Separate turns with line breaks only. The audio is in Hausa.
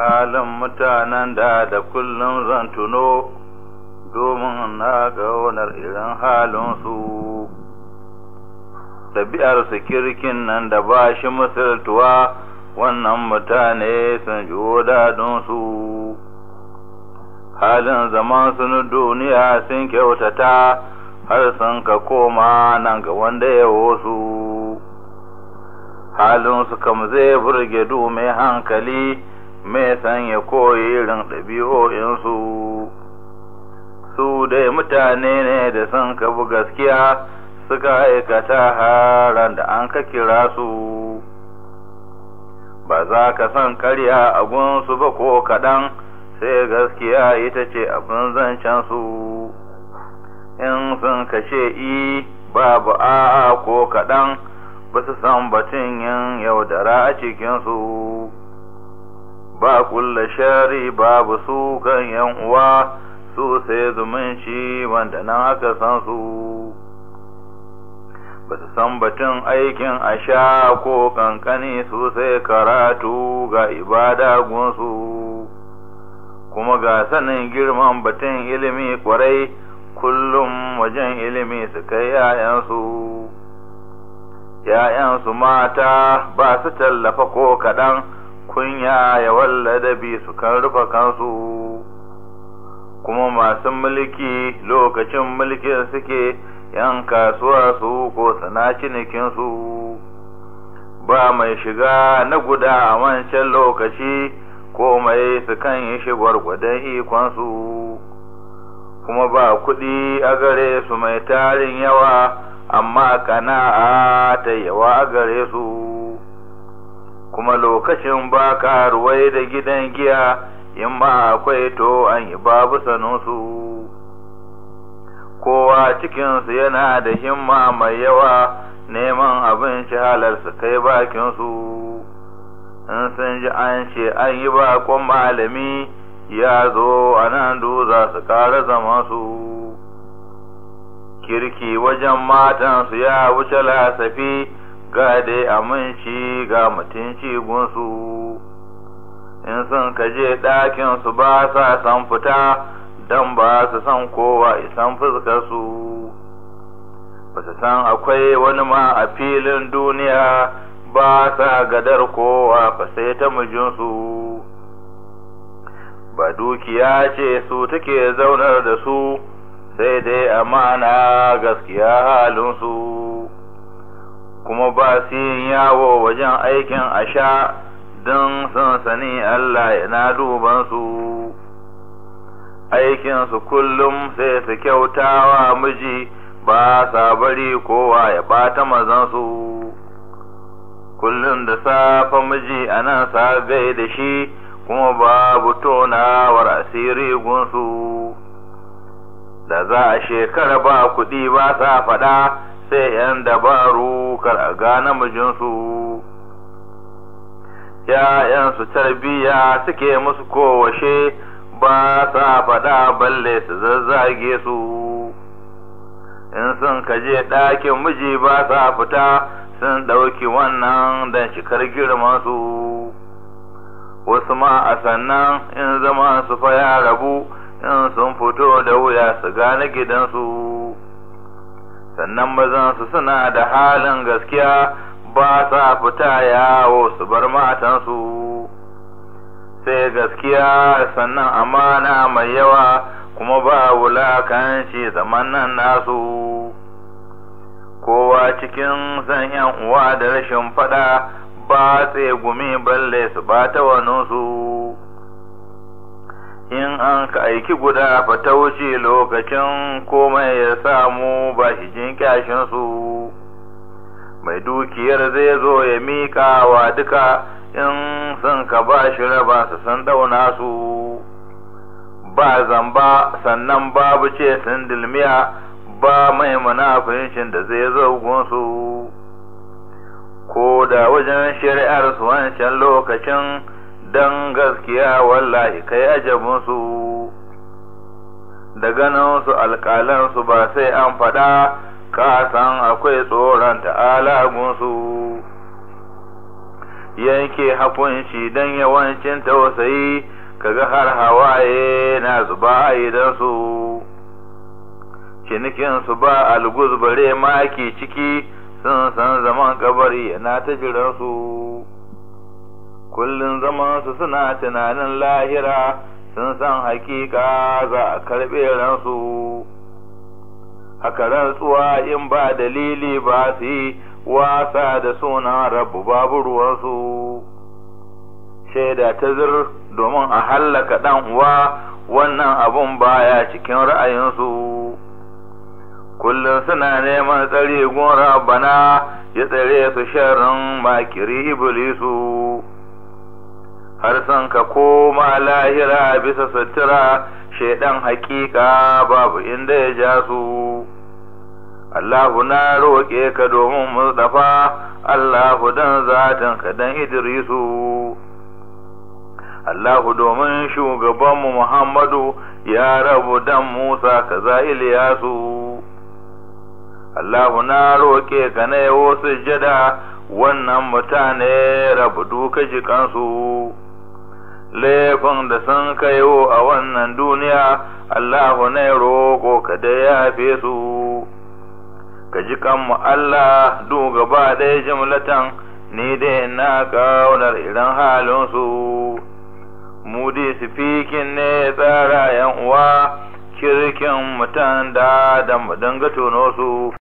halin mutanen da da kullum zan tuno domin na ƙaunar irin halinsu ɗabi'arsu kirkin nan da ba shi misaltuwa wannan mutane sun ji su halin zaman sun duniya sun kyautata har sun ka koma nan ga wanda ya wasu halin su kam zai burge du mai hankali mai san ya koyi irin ɗabi'o'insu su dai mutane ne da sun kabu gaskiya suka aikata haran da an ka kira su ba za ka san karya a gunsu ba ko kaɗan sai gaskiya ita ce abin zancen su in sun kashe i babu a ko kaɗan ba su san batun yin yaudara a cikinsu ba kulla shari babu su kan yan uwa su sai zumunci wanda na aka san su ba su san batun aikin a sha ko kankani su sai karatu ga ibada gunsu kuma ga sanin girman batun ilimi kwarai kullum wajen ilimi su kai ‘ya'yansu, ‘ya'yansu mata ba su tallafa ko kaɗan. kunya ya wallada bi su kan rufa kansu kuma masu mulki lokacin mulkin suke yan kasuwa su ko sana cinikinsu ba mai shiga na guda a wancan lokaci mai su kan yi shi gwargwadon ikonsu kuma ba kuɗi a gare su mai tarin yawa amma kana a ta yawa a gare su kuma lokacin ba karuwai da gidan giya in ma akwai to an yi babu saninsu kowa cikinsu yana da himma mai yawa neman abin abinci su kai bakinsu in sun ji an ce an yi bakon malami ya zo a nan za su kara zama su kirki wajen matansu ya wuce lasafi ga dai aminci ga mutunci gunsu in sun kaje ɗakin su ba sa san fita don ba su san kowa isan fuskarsu ba su san akwai wani ma a filin duniya ba sa gadar kowa ba sai ta mijinsu ba dukiya ce su take zaunar da su sai dai amana gaskiya halinsu ba su yin yawo wajen aikin asha don sun sani Allah yana duban su aikinsu kullum sai su kyautawa miji ba sa bari kowa ya ɓata mazansu kullum da safe miji a nan sagai da shi kuma babu tonawar asiri gunsu da za a shekara ba kuɗi ba sa faɗa sai ‘yan dabaru karga namijinsu, ‘ya'yansu tarbiyya suke musu kowashe ba sa faɗa balle su zazzage su, in sun kaje ɗakin miji ba sa fita sun ɗauki wannan don shikar su Wasu ma a sannan in zama su fa ya rabu in sun fito da wuya su gane gidansu. sannan su suna da halin gaskiya ba sa fita yawo su bar matansu sai gaskiya sannan amana mai yawa kuma ba wulakanci zaman nan nasu kowa cikin san yan uwa da rashin fada ba tsegumi balle su ba ta waninsu in an ka aiki guda ba ta wuce lokacin komai ya samu ba shi jin su mai dukiyar zai zo ya miƙa wa duka in sun ka ba shi raba su san dauna su ba zamba sannan babu ce sun dilmiya ba mai munafincin da zai zo gunsu ko da wajen shari'ar su wancan lokacin don gaskiya wallahi kai ajabinsu da ganinsu alƙalansu ba sai an faɗa ka san akwai tsoron ta'alagunsu yanke hakunci don yawancin tausayi kaga har hawaye na zuba a idansu cinikinsu ba alguzbare maki ciki sun san zaman kabari na ta jiransu kullum zamansu suna tunanin lahira sun san hakika za a karɓe ransu haka rantsuwa in ba dalili ba su yi wasa da suna rabu babu ruwansu shaida ta zir domin a hallaka ɗan uwa wannan abun baya cikin ra'ayinsu kullum suna neman tsare gun rabana ya tsare su sharrin makiri iblisu har san ka koma lahira bisa sutura shaidan hakika babu inda ya ja su Allahu na roƙe ka domin Mustapha Allahu dan zatin ka dan Idrisu Allahu domin shugabanmu Muhammadu ya rabu dan Musa kaza Iliyasu Allahu na roƙe ka na yawo sujjada wannan mutane rabu duka jikansu. laifin da sun kaiwo a wannan duniya Allahu ne roƙo ka da fi su ka ji kanmu Allah du gaba ɗaya jimlatan ni dai na ƙaunar irin halinsu mu dai fikin ne tsara yan uwa kirkin mutan da da mu dinga su